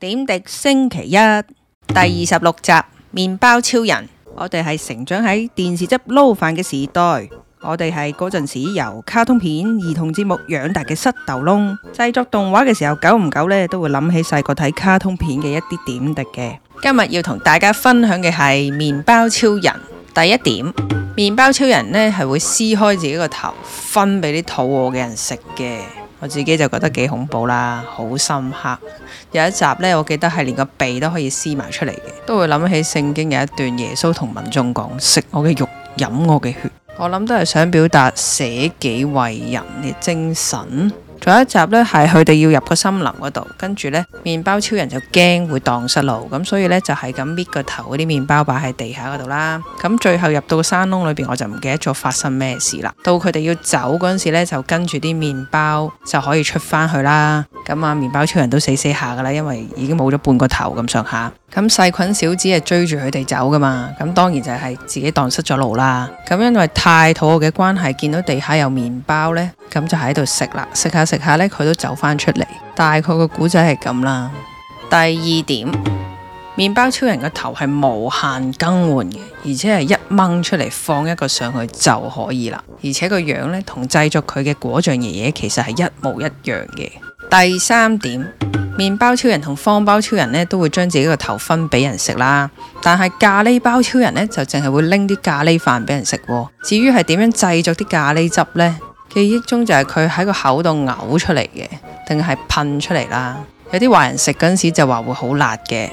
點滴星期一第二十六集麵包超人，我哋係成長喺電視汁撈飯嘅時代，我哋係嗰陣時由卡通片、兒童節目養大嘅膝頭窿。製作動畫嘅時候，久唔久呢都會諗起細個睇卡通片嘅一啲點滴嘅。今日要同大家分享嘅係麵包超人。第一點，麵包超人呢係會撕開自己個頭，分俾啲肚餓嘅人食嘅。我自己就覺得幾恐怖啦，好深刻。有一集呢，我記得係連個鼻都可以撕埋出嚟嘅，都會諗起聖經有一段耶穌同民眾講：食我嘅肉，飲我嘅血。我諗都係想表達捨己為人嘅精神。仲有一集呢，係佢哋要入個森林嗰度，跟住呢，麵包超人就驚會蕩失路，咁所以呢，就係咁搣個頭嗰啲麵包擺喺地下嗰度啦。咁最後入到山窿裏邊，我就唔記得咗發生咩事啦。到佢哋要走嗰陣時呢，就跟住啲麵包就可以出翻去啦。咁啊，麵包超人都死死下噶啦，因為已經冇咗半個頭咁上下。咁細菌小子係追住佢哋走噶嘛，咁當然就係自己蕩失咗路啦。咁因為太肚餓嘅關係，見到地下有麵包呢。咁就喺度食啦，食下食下呢，佢都走返出嚟。大概個古仔係咁啦。第二點，麵包超人個頭係無限更換嘅，而且係一掹出嚟放一個上去就可以啦。而且個樣呢，同製作佢嘅果醬爺爺其實係一模一樣嘅。第三點，麵包超人同方包超人呢，都會將自己個頭分俾人食啦，但係咖喱包超人呢，就淨係會拎啲咖喱飯俾人食啊。至於係點樣製作啲咖喱汁呢？記憶中就係佢喺個口度嘔出嚟嘅，定係噴出嚟啦。有啲壞人食嗰陣時就話會好辣嘅。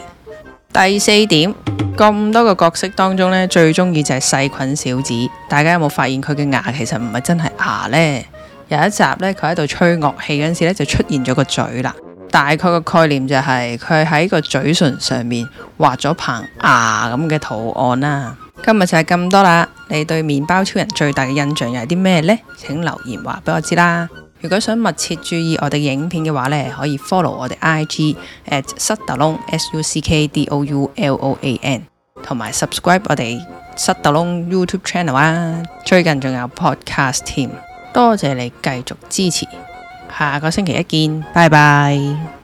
第四點，咁多個角色當中呢，最中意就係細菌小子。大家有冇發現佢嘅牙其實唔係真係牙呢？有一集呢，佢喺度吹樂器嗰陣時呢，就出現咗個嘴啦。大概個概念就係佢喺個嘴唇上面畫咗棚牙咁嘅圖案啦，啊。今日就係咁多啦。你對麵包超人最大嘅印象又係啲咩呢？請留言話俾我知啦。如果想密切注意我哋影片嘅話呢，可以 follow 我哋 I G at suckdouloan，o 同埋 subscribe 我哋 suckdouloan YouTube channel 啊。最近仲有 podcast 添，多謝你繼續支持。下個星期一見，拜拜。